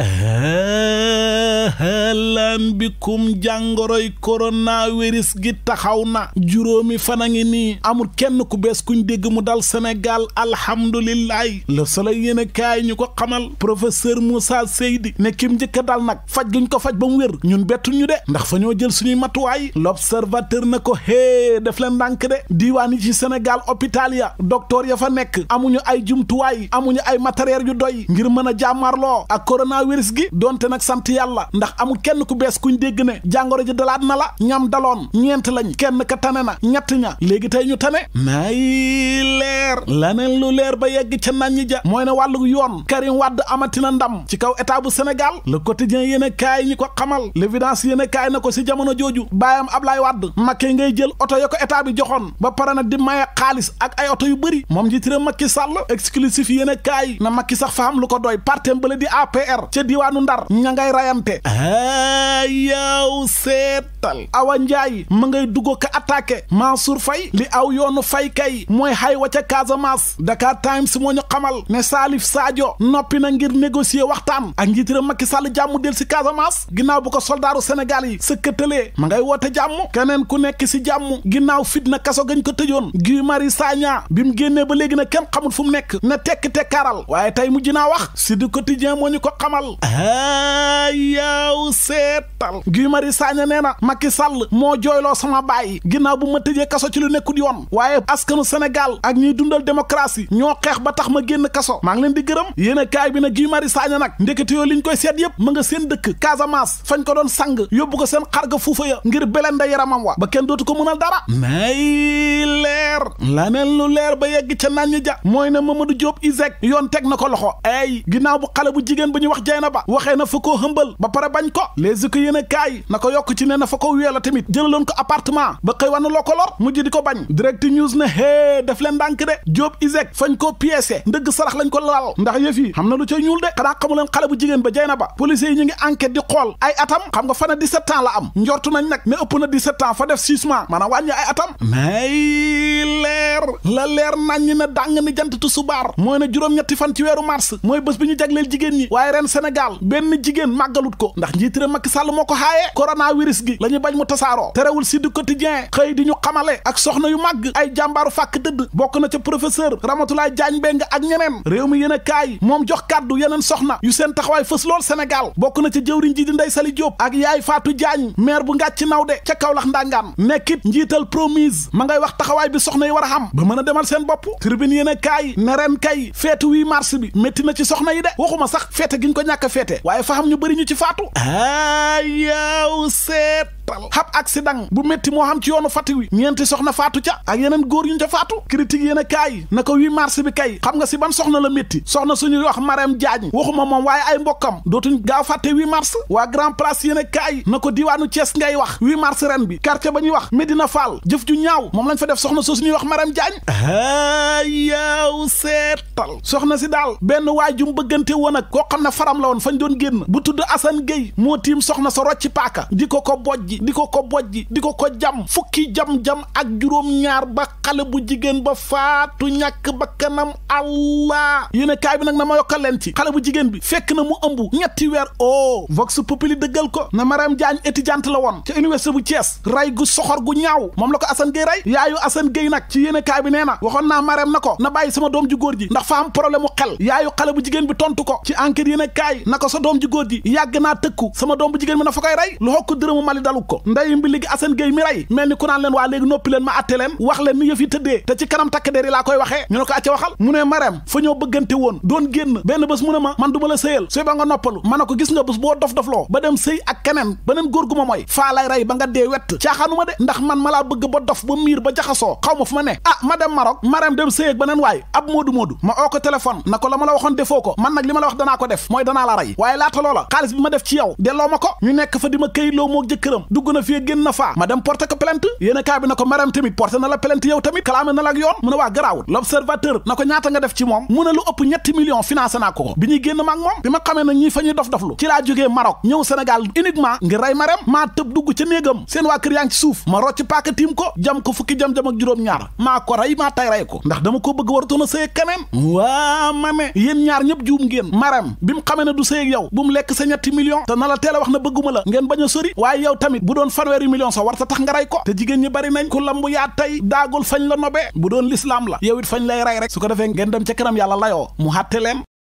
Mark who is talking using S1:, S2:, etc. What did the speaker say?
S1: Uh -huh. halaan bikum jàngoroy coronavirus gi taxaw na juróomi fan a ngi nii amul kenn ku bees kuñ dégg mu dal Sénégal alhamdulilahi Le Soleil yéen a kaay ñu ko xamal professeur Moussa Seydi ne kim njëkk a dal nag faj guñ ko faj ba mu wér ñun bettu ñu de ndax fa ñoo jël suñuy matuwaay L'Observateur na ko hee def leen ndànk de diiwaan yi ci Sénégal hôpital ya docteur ya fa nekk amuñu ay jumtuwaay amuñu ay matériel yu doy ngir mën a jàmmarloo ak coronavirus gi donte nag sant yàlla ndax amul kenn ku bees ku ñu dégg ne jàngoro ji dalaat na la ñam daloon ñeent lañ kenn ka tane na ñett ña léegi tey ñu tane may lee leer laneen lu leer ba yegg ca naan ñi ja mooy ne wàllu yoon Karim Wade amatina ndam ci kaw état bu Sénégal le quotidien yéen a ko xamal l'évidence yéen a kaay na ko si jamono jooju baayam Ablaye Wade Macky ngay jël oto ya ko état bi joxoon ba pare na di maye xaalis ak ay oto yu bëri moom ji tëram Macky Sall exclusif yéen a kaay na Macky sax fa am lu ko doy partem bële di APR ca diwaanu Ndar ña ngay rayante a yow seetal Awa Ndiaye ma ngay dugg ko attaqué Mansour Faye li aw Casamance Dakar Times moo ñu xamal ne Salif Sadio noppi na ngir négocier waxtaan ak njiitiram Macky Sall jàmm del si Casamance ginnaaw bu ko soldaaru Sénégal yi sëkkatalee ma ngay woote jàmm keneen ku nekk si jàmm ginnaaw fitna kaso gañ ko tëjoon gi mari Sagna bi mu génnee ba léegi na kenn xamul fu mu nekk na tekk tekkaaral waaye tey mujj naa wax si di du quotidien moo ñu ko xamal a yaaw seetal Guy Marius Sagna nee na Macky Sall moo jooyloo sama baay ginnaaw bu ma tëjee kaso ci lu nekkul yoon dundal démocratie ñoo xeex ba tax ma génn kaso maa ngi leen a kaay leer la neen lu leer ba yegg ca naan ñi ja mooy ne Mamadou Diop ISEG yoon teg na ko loxo ay ginnaaw bu xale bu jigéen bu ñuy wax jay na ba waxee na fa koo hëmbal ba pare bañ ko les ko yéen a kaay na ko yokk ci ne na fa ko a tamit jëlaloon ko appartement ba xëy wan loo ko lor mujj di ko bañ direct news ne hee def leen ndànk de Diop Iseg fañ ko piécé ndëgg sarax lañ ko laal ndax yëf yi xam na lu ca ñuul de xanaa xamu leen xale bu jigéen ba Jeynaba policiers yi ñu ngi enquête di xool ay atam xam nga fana 17 ans la am njortu nañ nag ne ëpp na di ans fa def 6 mois maanaam wàññi ay atam may leer la leer nañ ñi ne dàng ni jant tu subaar mooy ne juróom-ñetti fan ci weeru mars mooy bés bi ñu jagleel jigéen ñi waaye ren Sénégal benn jigéen màggalut ko ndax njiitire Macky Sall moo ko xaaye coronavirus gi la ñu bañ mu tasaaroo terewul si du quotidien xëy di ñu xamale ak soxna yu màgg ay jàmbaaru fàkk dëdd bokk na ca professeur Ramatoulaye Diagne Mbeng ak ñeneen réew mi yéen a kaay moom jox kàddu yeneen soxna yu seen taxawaay fës lool Sénégal bokk na ca jëwriñ ji di Ndey Sali Diop ak yaay Fatou Diagne maire bu Ngàcc Nawde ca Kaolack ndangaan nekkit njiital promise ma ngay wax taxawaay bi soxna yi war a xam ba mën a demal seen bopp tribune yéen a kaay ne ren kay feetu 8 mars bi métti na ci soxna yi de waxuma sax feete giñ ko ñàkk a feete waaye fa xam ñu bëri ñu ci faatu aa tal ab accident bu métti moo xam ci yoonu Fatick wi ñeenti soxna faatu ca ak yeneen góor yu ñu ca faatu critique yéen a kaay na ko 8 mars bi kay xam nga si ban soxna la métti soxna suñuy wax Marème Diagne waxuma moom waaye ay mbokkam dootuñ gaaw fàtte 8 mars waa Grand Place yéen a na ko diiwaanu cees ngay wax 8 mars ren bi quartier ba ñuy wax Médina faal jëf ju ñaaw moom lañ fa def soxna soo suñuy wax Marème Diagne a yaw seetal soxna si daal benn waajum bëggante woon ak koo xam ne faram la woon fañ doon génn bu tudd Assane Gueye moo tiim soxna sa rocci paaka di ko ko bojj di ko ko bojj di ko ko jam fukki jam-jam ak juróom-ñaar ba xale bu jigéen ba faatu ñàkk bakkanam allah yéen kaay bi nag na ma yokkal leen ci xale bu jigéen bi fekk na mu ëmbu ñetti weer o oh. vox populi dëggal ko na Mariam Diagne étudiante la woon ca université bu cees ray gu soxor gu ñaaw moom la ko asan Gueye ray yaayu Assane Gueye nag ci yéen kaay bi nee na waxoon naa Mariam na ko na bàyyi sama doom ju góor ji ndax fa am problème xel yaayu xale bu jigéen bi tontu ko ci enquête yéen kaay na ko sa doom ju góor ji yàgg naa tëkku sama doom bu jigéen bi na fa koy rey lu xokk mali dalu ko nday bi ligi Assane Gueye mi ray mel ni ku naan leen waa léegi noppi leen ma atte leen wax leen ni yëf yi tëddee te ci kanam takk der koy waxee ñu ne ko acca waxal mu ne maram fa bëggante woon doon génn benn bés mu ne ma man du la sëyal suy ba nga noppalu ma ne ko gis nga bés boo dof dofloo ba dem sëy ak keneen beneen góor gu ma moy faa lay rey ba nga dee wett caaxaanu ma de ndax man ma laa bëgg ba dof ba miir ba jaxasoo xaw ma fu ma ne ah dem Maroc maram dem sëy ak beneen waay ab moodu moodu ma ko téléphone na ko la ma waxoon defoo ko nag ma la wax danaa ko def mooy danaa la rey waaye laata loola xaalis bi ma def ci yow delloo ma nekk fa di ma këy loo moo jëkkëram dugg na fii génn na faa bi na ko maram tamit porté na la plainte yow tamit kalaame na la yoon mu ne waa garaawul l'observateur na ko ñaata nga def ci moom mu ne lu ëpp ñetti millions financé naa ko ko bi ñuy génn maag moom bi ma xamee ngir rey maram maa tëb dugg ca néegam seen waa kër yaa ci suuf ma rocc paaka tiim ko jam ko fukki jam-jam ak juróom ñaar maa ko rey maa tay rey ko ndax dama ko bëgg waratoon a sëy keneen waa mame ne du sëy a a bu doon fanweeri million sa war ta tax nga rey ko te jigéen ñi bari nañ ku lambu yaa tey daagul fañ la nobee bu doon lislaam la yow it fañ lay rey rek su ko defee ngeen dem ca kanam yàlla layoo mu xàtte lem